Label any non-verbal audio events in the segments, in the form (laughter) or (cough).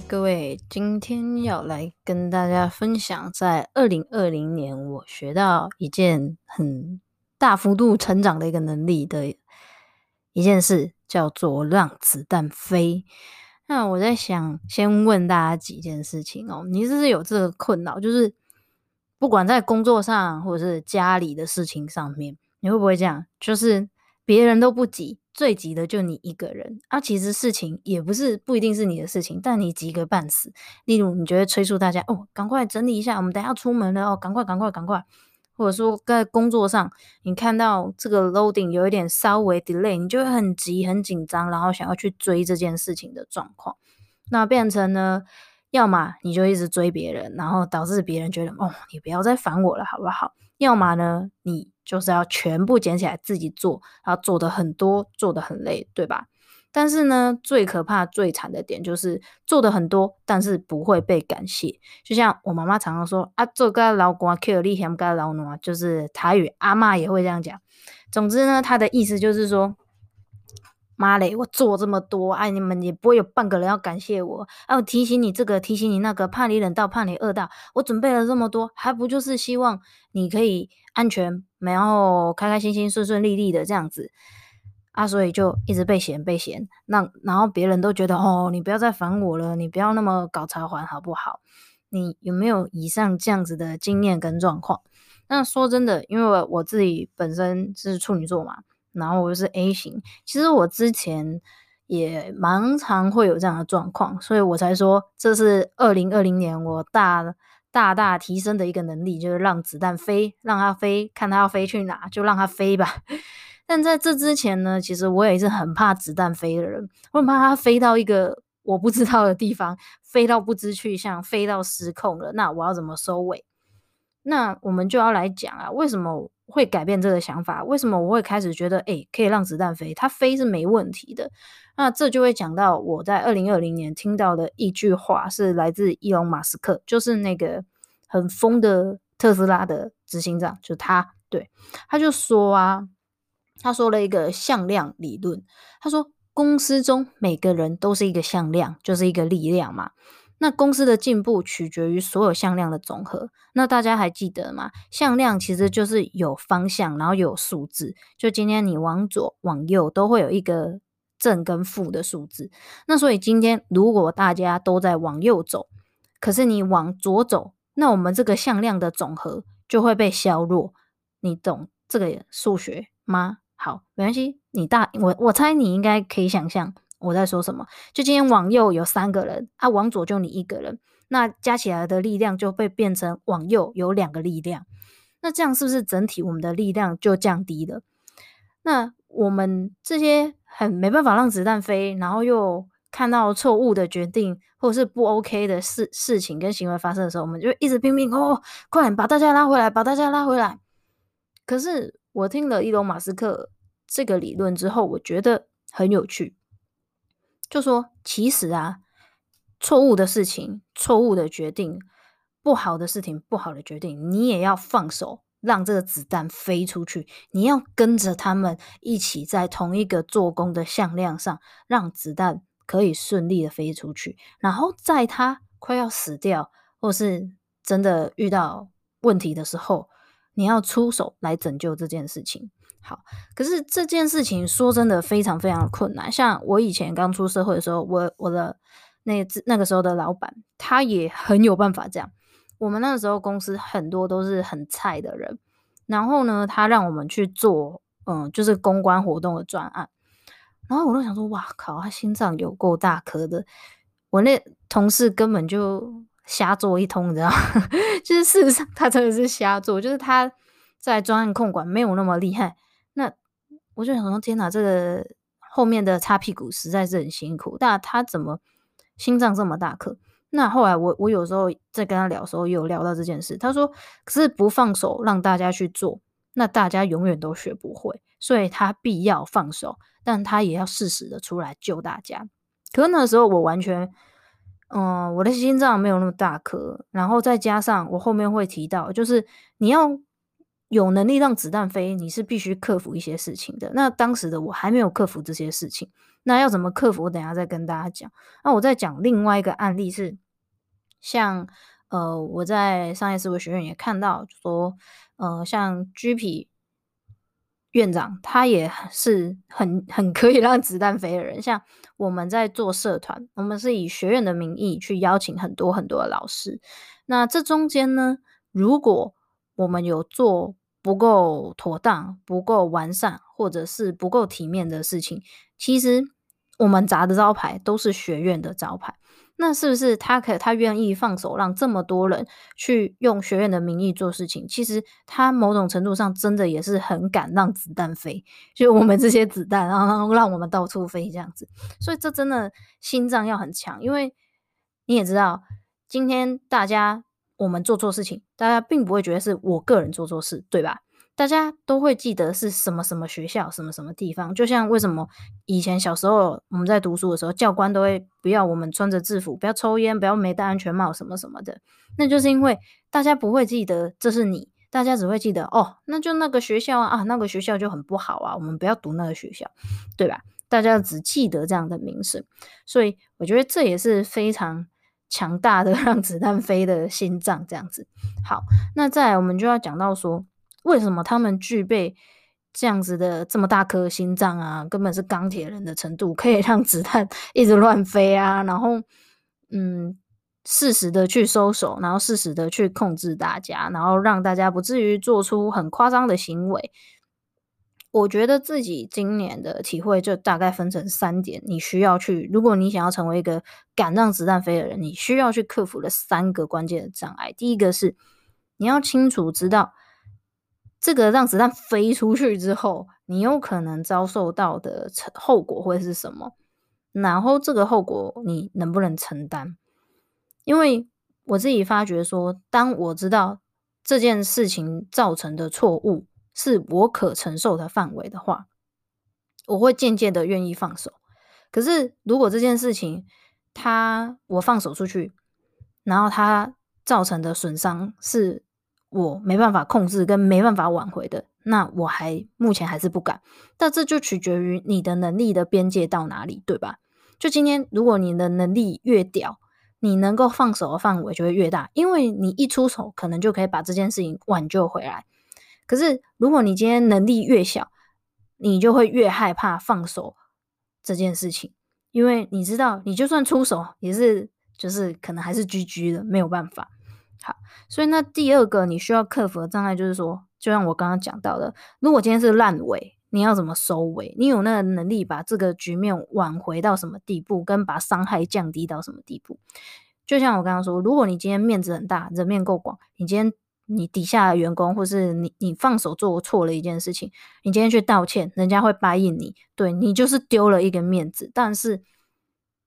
各位，今天要來跟大家分享，在二零二零年我學到一件很大幅度成長的一個能力的一件事，叫做“讓子彈飛”。那我在想，先問大家幾件事情哦，你是不是有這個困擾？就是不管在工作上，或者是家裡的事情上面，你會不會這樣？就是別人都不急。最急的就你一個人啊！其實事情也不是不一定是你的事情，但你急個半死。例如你就會催促大家哦，趕快整理一下，我們等下要出門了哦，趕快趕快趕快。或者說在工作上，你看到這個 loading 有一點稍微 delay，你就會很急很緊張，然後想要去追這件事情的狀況，那變成呢，要麼你就一直追別人，然後導致別人覺得哦，你不要再煩我了，好不好？要麼呢，你就是要全部撿起來自己做，然後做的很多，做的很累，對吧？但是呢，最可怕，最慘的點就是做的很多，但是不會被感謝。就像我媽媽常常說啊，做個勞工啊，keep 力嫌個勞奴啊，就是台語阿嬤也會這樣講。總之呢，他的意思就是說，媽嘞！我做這麼多，哎、啊，你們也不會有半個人要感謝我。還、啊、我提醒你這個，提醒你那個，怕你冷到，怕你餓到。我準備了這麼多，還不就是希望你可以安全，然後開開心心、順順利利的這樣子啊？所以就一直被嫌被嫌，那然後別人都覺得哦，你不要再煩我了，你不要那麼搞茶環好不好？你有沒有以上這樣子的經驗跟狀況？那說真的，因為我我自己本身是處女座嘛。然後我又是 A 型，其實我之前也蠻常會有這樣的狀況，所以我才說，這是二零二零年我大大大提升的一個能力，就是讓子彈飛，讓它飛，看它要飛去哪就讓它飛吧。但在這之前呢，其實我也是很怕子彈飛的人，我很怕它飛到一個我不知道的地方，飛到不知去向，飛到失控了，那我要怎麼收尾？那我們就要來講啊，為什麼會改變這個想法？為什麼我會開始覺得，誒、欸，可以讓子彈飛，它飛是沒問題的？那這就會講到我在二零二零年聽到的一句話，是來自伊隆·馬斯克，就是那個很瘋的特斯拉的執行長，就是他，對，他就說啊，他說了一個向量理論，他說公司中每個人都是一個向量，就是一個力量嘛。那公司的進步取決於所有向量的總和。那大家還記得嗎？向量其實就是有方向，然後有數字。就今天你往左往右都會有一個正跟負的數字。那所以今天如果大家都在往右走，可是你往左走，那我們這個向量的總和就會被削弱。你懂這個數學嗎？好，沒關係，你大我，我猜你應該可以想象。我在說什麼？就今天往右有三個人，啊，往左就你一個人，那加起來的力量就被變成往右有兩個力量，那這樣是不是整體我們的力量就降低了？那我們這些很沒辦法讓子彈飛，然後又看到錯誤的決定或者是不 OK 的事事情跟行為發生的時候，我們就一直拼命哦，快點把大家拉回來，把大家拉回來。可是我聽了伊隆馬斯克這個理論之後，我覺得很有趣。就說，其實啊，錯誤的事情、錯誤的決定、不好的事情、不好的決定，你也要放手，讓這個子彈飛出去。你要跟着他們一起在同一個做工的向量上，讓子彈可以順利的飛出去。然後在他快要死掉，或是真的遇到問題的時候，你要出手來拯救這件事情。好，可是這件事情說真的非常非常困難。像我以前剛出社會的時候，我我的那那個時候的老板，他也很有辦法這樣。我們那個時候公司很多都是很菜的人，然後呢，他讓我們去做，嗯，就是公關活動的專案。然後我都想說，哇靠，他心臟有夠大顆的。我那同事根本就瞎做一通，你知道？ (laughs) 就是事實上他真的是瞎做，就是他在專案控管沒有那麼厲害。那我就想說，天哪，這個後面的擦屁股實在是很辛苦。但他怎麼心臟這麼大顆？那後來我我有時候在跟他聊的時候，也有聊到這件事。他說，可是不放手讓大家去做，那大家永遠都學不會。所以他必要放手，但他也要適時的出來救大家。可是那時候我完全，嗯、呃，我的心臟沒有那麼大顆。然後再加上我後面會提到，就是你要。有能力讓子彈飛，你是必須克服一些事情的。那當時的我還沒有克服這些事情，那要怎麼克服？我等下再跟大家講。那我再講另外一個案例是，像呃，我在商業思維學院也看到說，說呃，像 GP 院長，他也是很很可以讓子彈飛的人。像我們在做社團，我們是以學院的名義去邀請很多很多的老師。那這中間呢，如果我們有做不夠妥當、不夠完善，或者是不夠體面的事情。其實我們砸的招牌都是學院的招牌，那是不是他可他願意放手讓這麼多人去用學院的名義做事情？其實他某種程度上真的也是很敢讓子彈飛，就我們這些子彈，然後讓我們到處飛這樣子。所以這真的心臟要很強，因為你也知道，今天大家。我們做錯事情，大家並不會覺得是我個人做錯事，對吧？大家都會記得是什麼什麼學校、什麼什麼地方。就像為什麼以前小時候我們在讀書的時候，教官都會不要我們穿着制服，不要抽菸，不要沒戴安全帽，什麼什麼的。那就是因為大家不會記得這是你，大家只會記得哦，那就那個學校啊，啊，那個學校就很不好啊，我們不要讀那個學校，對吧？大家只記得這樣的名聲，所以我覺得這也是非常。強大的讓子彈飛的心臟這樣子。好，那再來我們就要講到說，為什麼他們具備這樣子的這麼大顆心臟啊，根本是鋼鐵人的程度，可以讓子彈一直亂飛啊，然後嗯，適時的去收手，然後適時的去控制大家，然後讓大家不至於做出很誇張的行為。我覺得自己今年的體會就大概分成三點，你需要去，如果你想要成為一個敢讓子彈飛的人，你需要去克服的三個關鍵的障礙。第一個是你要清楚知道，這個讓子彈飛出去之後，你有可能遭受到的後果會是什麼，然後這個後果你能不能承擔？因為我自己發覺說，當我知道這件事情造成的錯誤。是我可承受的範圍的話，我會漸漸的願意放手。可是，如果這件事情，它我放手出去，然後它造成的損傷是我沒辦法控制跟沒辦法挽回的，那我還目前還是不敢。但這就取決於你的能力的邊界到哪裡，對吧？就今天，如果你的能力越屌，你能夠放手的範圍就會越大，因為你一出手，可能就可以把這件事情挽救回來。可是，如果你今天能力越小，你就會越害怕放手這件事情，因為你知道，你就算出手，也是就是可能還是 GG 的，沒有辦法。好，所以那第二個你需要克服的障礙就是說，就像我剛剛講到的，如果今天是爛尾，你要怎麼收尾？你有那個能力把這個局面挽回到什麼地步，跟把傷害降低到什麼地步？就像我剛剛說，如果你今天面子很大，人面夠廣，你今天。你底下的員工，或是你你放手做錯了一件事情，你今天去道歉，人家會答應你，對，你就是丟了一個面子，但是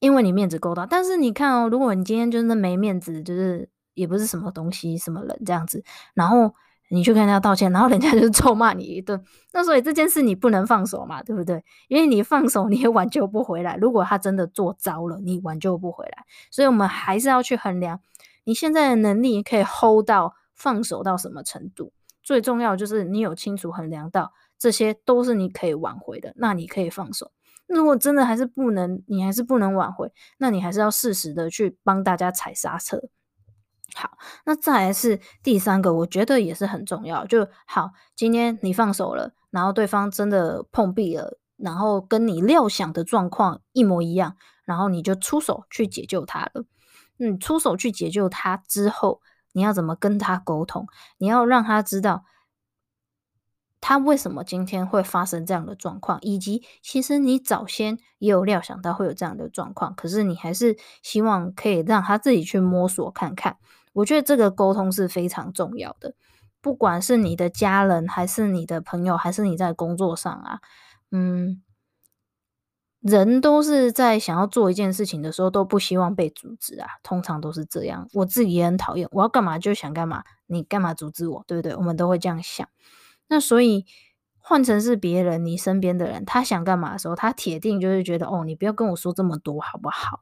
因為你面子夠大。但是你看哦，如果你今天真的沒面子，就是也不是什麼東西什麼人這樣子，然後你去跟他道歉，然後人家就臭罵你一頓，那所以這件事你不能放手嘛，對不對？因為你放手你也挽救不回來。如果他真的做糟了，你挽救不回來，所以我們還是要去衡量你現在的能力，可以 hold 到。放手到什麼程度？最重要就是你有清楚衡量到這些都是你可以挽回的，那你可以放手。如果真的還是不能，你還是不能挽回，那你還是要適時的去幫大家踩剎車。好，那再來是第三個，我覺得也是很重要，就，好，今天你放手了，然後對方真的碰壁了，然後跟你料想的狀況一模一樣，然後你就出手去解救他了。嗯，出手去解救他之後。你要怎麼跟他溝通？你要讓他知道，他為什麼今天會發生這樣的狀況，以及其實你早先也有料想到會有這樣的狀況，可是你還是希望可以讓他自己去摸索看看。我覺得這個溝通是非常重要的，不管是你的家人，還是你的朋友，還是你在工作上啊，嗯。人都是在想要做一件事情的時候，都不希望被阻止啊，通常都是這樣。我自己也很討厭，我要幹嘛就想幹嘛，你幹嘛阻止我，對不對？我們都會這樣想。那所以換成是別人，你身邊的人，他想幹嘛的時候，他鐵定就是覺得哦，你不要跟我說這麼多，好不好？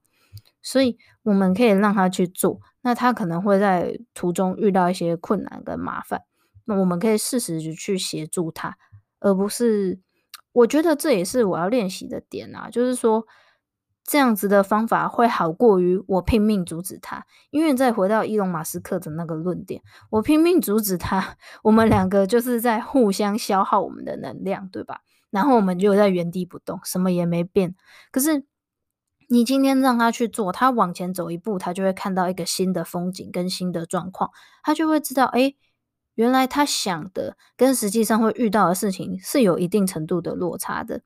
所以我們可以讓他去做，那他可能會在途中遇到一些困難跟麻煩，那我們可以適時去協助他，而不是。我覺得這也是我要練習的點啊，就是說，這樣子的方法會好過於我拼命阻止他，因為再回到伊隆馬斯克的那個論點，我拼命阻止他，我們兩個就是在互相消耗我們的能量，對吧？然後我們就在原地不動，什麼也沒變。可是你今天讓他去做，他往前走一步，他就會看到一個新的風景跟新的狀況，他就會知道，誒。原來他想的跟實際上會遇到的事情是有一定程度的落差的，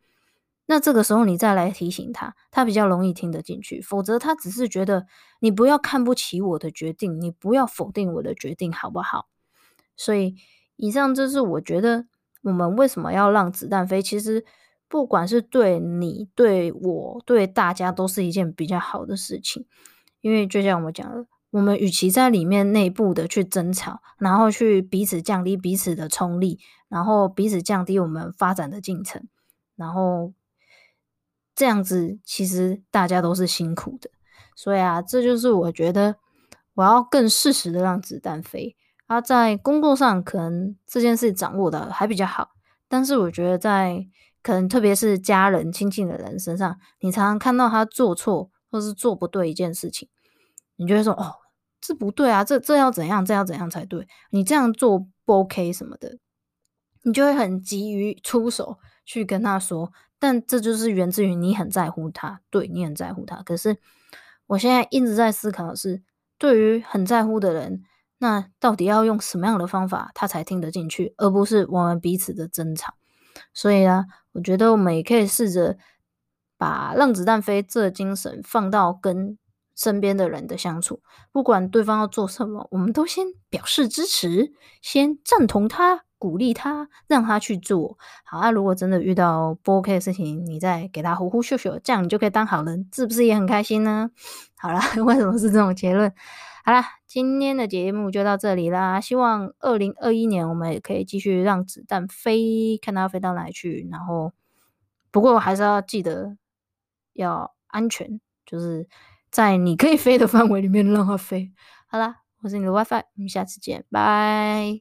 那這個時候你再來提醒他，他比較容易聽得進去，否則他只是覺得你不要看不起我的決定，你不要否定我的決定，好不好？所以以上就是我覺得我們為什麼要讓子彈飛，其實不管是對你、對我、對大家都是一件比較好的事情，因為就像我講的我們與其在裡面內部的去爭吵，然後去彼此降低彼此的衝力，然後彼此降低我們發展的進程，然後這樣子其實大家都是辛苦的。所以啊，這就是我覺得我要更適時的讓子彈飛。啊，在工作上，可能這件事掌握的還比較好，但是我覺得在可能特別是家人親近的人身上，你常常看到他做錯或是做不對一件事情，你就會說哦。這不對啊！這這要怎樣？這要怎樣才對？你這樣做不 OK 什麼的，你就會很急於出手去跟他說。但這就是源自於你很在乎他，對你很在乎他。可是我現在一直在思考的是對於很在乎的人，那到底要用什麼樣的方法，他才聽得進去，而不是我們彼此的爭吵。所以啊，我覺得我們也可以試着把“讓子彈飛”這精神放到跟。身邊的人的相處，不管對方要做什麼，我們都先表示支持，先贊同他，鼓勵他，讓他去做。好啊，如果真的遇到不 OK 的事情，你再給他呼呼秀秀，這樣你就可以當好人，是不是也很開心呢？好啦，為什麼是這種結論？好啦，今天的節目就到這裡啦。希望二零二一年我們也可以繼續讓子彈飛，看他飛到哪裡去。然後，不過還是要記得要安全，就是。在你可以飛的範圍裡面讓它飛。好啦，我是你的 WiFi，我們下次見，拜。